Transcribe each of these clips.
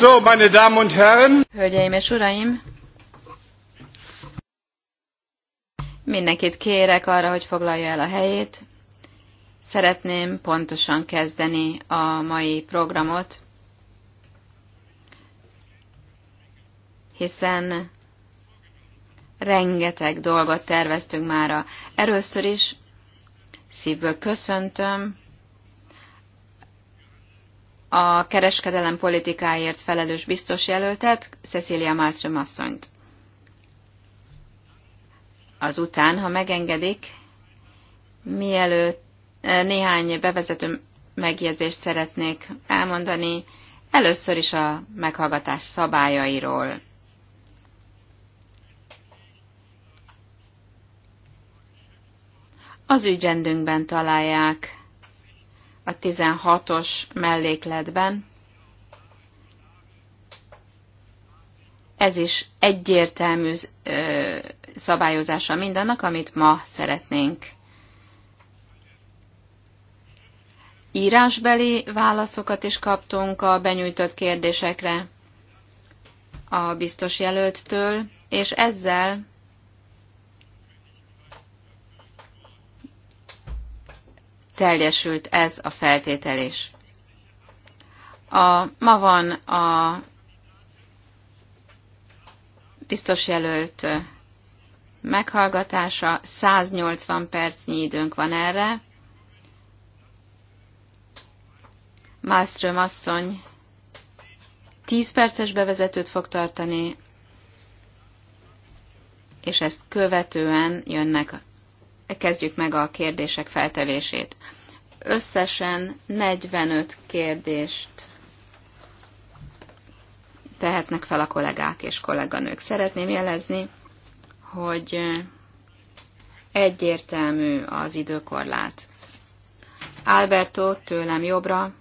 So, meine Damen und Herren. Hölgyeim és uraim. Mindenkit kérek arra, hogy foglalja el a helyét. Szeretném pontosan kezdeni a mai programot, hiszen rengeteg dolgot terveztünk már. Először is szívből köszöntöm a kereskedelem politikáért felelős biztos jelöltet, Cecilia Malmström asszonyt. Azután, ha megengedik, mielőtt eh, néhány bevezető megjegyzést szeretnék elmondani, először is a meghallgatás szabályairól. Az ügyendünkben találják a 16-os mellékletben. Ez is egyértelmű szabályozása mindannak, amit ma szeretnénk. Írásbeli válaszokat is kaptunk a benyújtott kérdésekre a biztos jelölttől, és ezzel teljesült ez a feltétel is. A, ma van a biztos jelölt meghallgatása, 180 percnyi időnk van erre. Mászröm asszony 10 perces bevezetőt fog tartani, és ezt követően jönnek kezdjük meg a kérdések feltevését. Összesen 45 kérdést tehetnek fel a kollégák és kolléganők. Szeretném jelezni, hogy egyértelmű az időkorlát. Alberto tőlem jobbra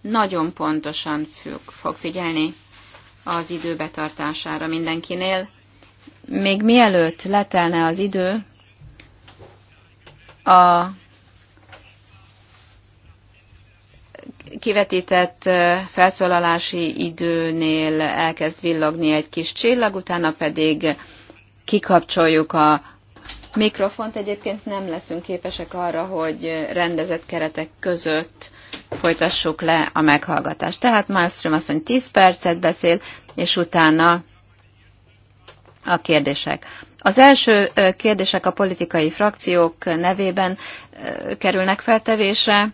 nagyon pontosan fog figyelni az idő betartására mindenkinél. Még mielőtt letelne az idő, a kivetített felszólalási időnél elkezd villogni egy kis csillag, utána pedig kikapcsoljuk a mikrofont. Egyébként nem leszünk képesek arra, hogy rendezett keretek között folytassuk le a meghallgatást. Tehát Malmström asszony 10 percet beszél, és utána a kérdések. Az első kérdések a politikai frakciók nevében kerülnek feltevésre.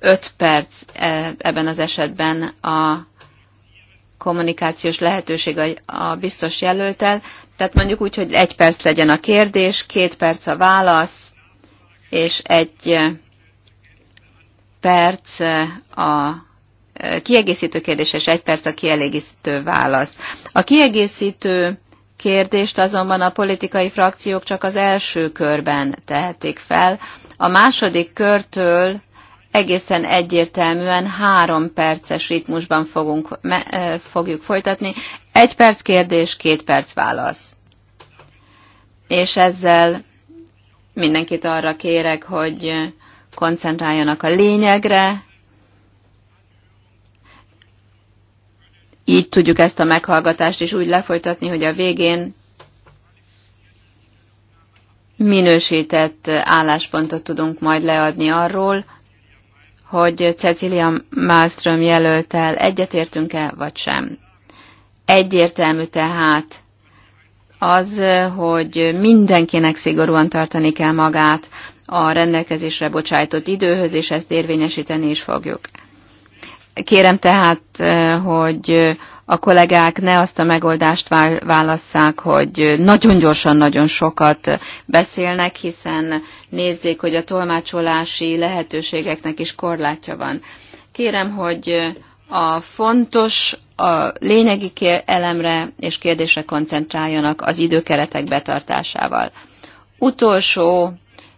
Öt perc e, ebben az esetben a kommunikációs lehetőség a biztos jelöltel. Tehát mondjuk úgy, hogy egy perc legyen a kérdés, két perc a válasz, és egy perc a kiegészítő kérdés, és egy perc a kielégítő válasz. A kiegészítő kérdést azonban a politikai frakciók csak az első körben tehetik fel. A második körtől egészen egyértelműen három perces ritmusban fogunk, me, fogjuk folytatni. Egy perc kérdés, két perc válasz. És ezzel mindenkit arra kérek, hogy koncentráljanak a lényegre, tudjuk ezt a meghallgatást is úgy lefolytatni, hogy a végén minősített álláspontot tudunk majd leadni arról, hogy Cecilia Malmström jelöltel egyetértünk-e, vagy sem. Egyértelmű tehát az, hogy mindenkinek szigorúan tartani kell magát a rendelkezésre bocsájtott időhöz, és ezt érvényesíteni is fogjuk. Kérem tehát, hogy a kollégák ne azt a megoldást válasszák, hogy nagyon gyorsan, nagyon sokat beszélnek, hiszen nézzék, hogy a tolmácsolási lehetőségeknek is korlátja van. Kérem, hogy a fontos, a lényegi elemre és kérdésre koncentráljanak az időkeretek betartásával. Utolsó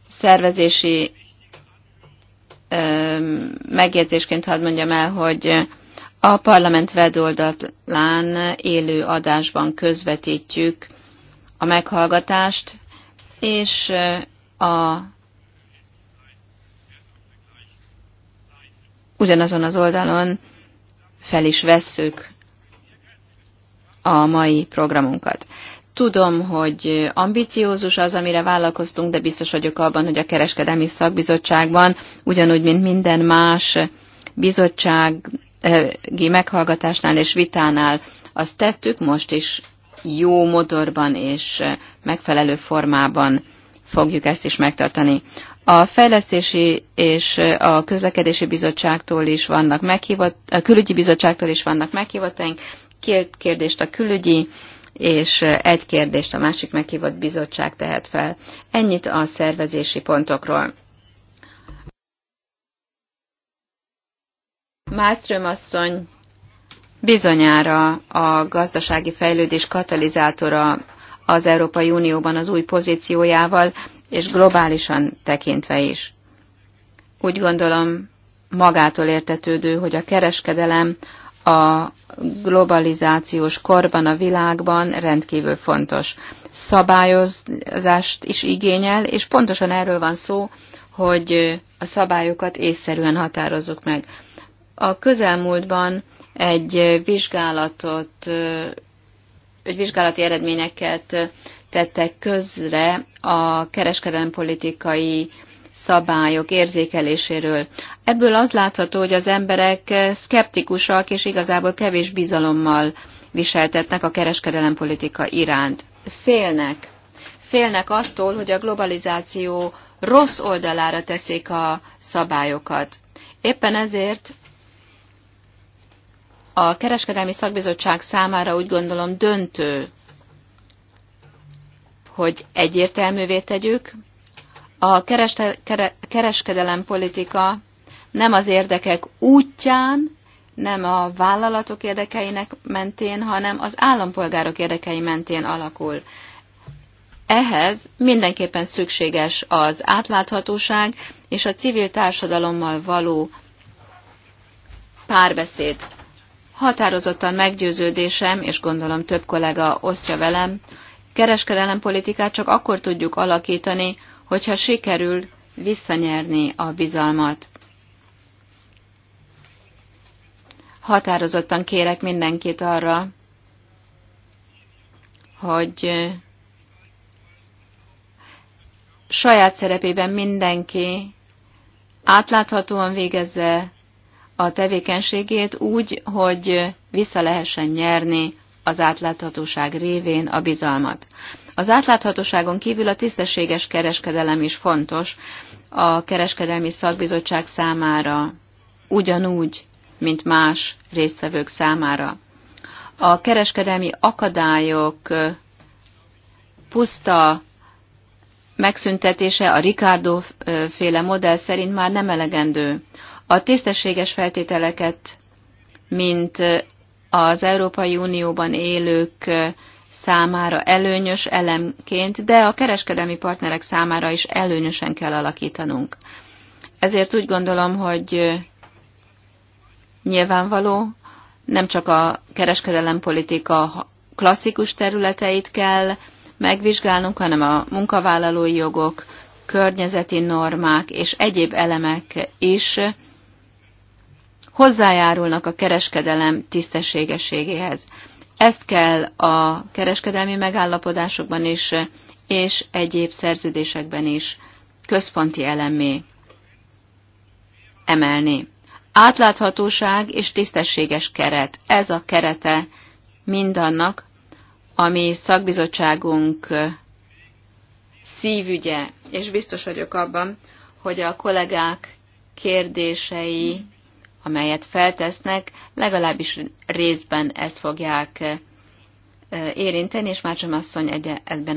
szervezési megjegyzésként hadd mondjam el, hogy a parlament weboldalán élő adásban közvetítjük a meghallgatást, és a ugyanazon az oldalon fel is vesszük a mai programunkat. Tudom, hogy ambiciózus az, amire vállalkoztunk, de biztos vagyok abban, hogy a Kereskedelmi Szakbizottságban, ugyanúgy, mint minden más bizottság, meghallgatásnál és vitánál azt tettük, most is jó motorban és megfelelő formában fogjuk ezt is megtartani. A fejlesztési és a közlekedési bizottságtól is vannak meghívott, a külügyi bizottságtól is vannak meghívottaink. Két kérdést a külügyi, és egy kérdést a másik meghívott bizottság tehet fel. Ennyit a szervezési pontokról. Máström asszony bizonyára a gazdasági fejlődés katalizátora az Európai Unióban az új pozíciójával, és globálisan tekintve is. Úgy gondolom, magától értetődő, hogy a kereskedelem a globalizációs korban, a világban rendkívül fontos. Szabályozást is igényel, és pontosan erről van szó, hogy a szabályokat észszerűen határozzuk meg. A közelmúltban egy vizsgálatot, egy vizsgálati eredményeket tettek közre a kereskedelempolitikai szabályok érzékeléséről. Ebből az látható, hogy az emberek szkeptikusak és igazából kevés bizalommal viseltetnek a kereskedelempolitika iránt. Félnek. Félnek attól, hogy a globalizáció rossz oldalára teszik a szabályokat. Éppen ezért a kereskedelmi szakbizottság számára úgy gondolom döntő, hogy egyértelművé tegyük, a kereste, kere, kereskedelem politika nem az érdekek útján, nem a vállalatok érdekeinek mentén, hanem az állampolgárok érdekei mentén alakul. Ehhez mindenképpen szükséges az átláthatóság és a civil társadalommal való párbeszéd. Határozottan meggyőződésem, és gondolom több kollega osztja velem, kereskedelempolitikát csak akkor tudjuk alakítani, hogyha sikerül visszanyerni a bizalmat. Határozottan kérek mindenkit arra, hogy saját szerepében mindenki átláthatóan végezze a tevékenységét úgy, hogy vissza lehessen nyerni az átláthatóság révén a bizalmat. Az átláthatóságon kívül a tisztességes kereskedelem is fontos a kereskedelmi szakbizottság számára, ugyanúgy, mint más résztvevők számára. A kereskedelmi akadályok puszta megszüntetése a Ricardo féle modell szerint már nem elegendő. A tisztességes feltételeket, mint az Európai Unióban élők számára előnyös elemként, de a kereskedelmi partnerek számára is előnyösen kell alakítanunk. Ezért úgy gondolom, hogy nyilvánvaló, nem csak a kereskedelempolitika klasszikus területeit kell megvizsgálnunk, hanem a munkavállalói jogok, környezeti normák és egyéb elemek is hozzájárulnak a kereskedelem tisztességességéhez. Ezt kell a kereskedelmi megállapodásokban is, és egyéb szerződésekben is központi elemé emelni. Átláthatóság és tisztességes keret. Ez a kerete mindannak, ami szakbizottságunk szívügye, és biztos vagyok abban, hogy a kollégák kérdései amelyet feltesznek, legalábbis részben ezt fogják eh, érinteni, és Mácsom asszony ebben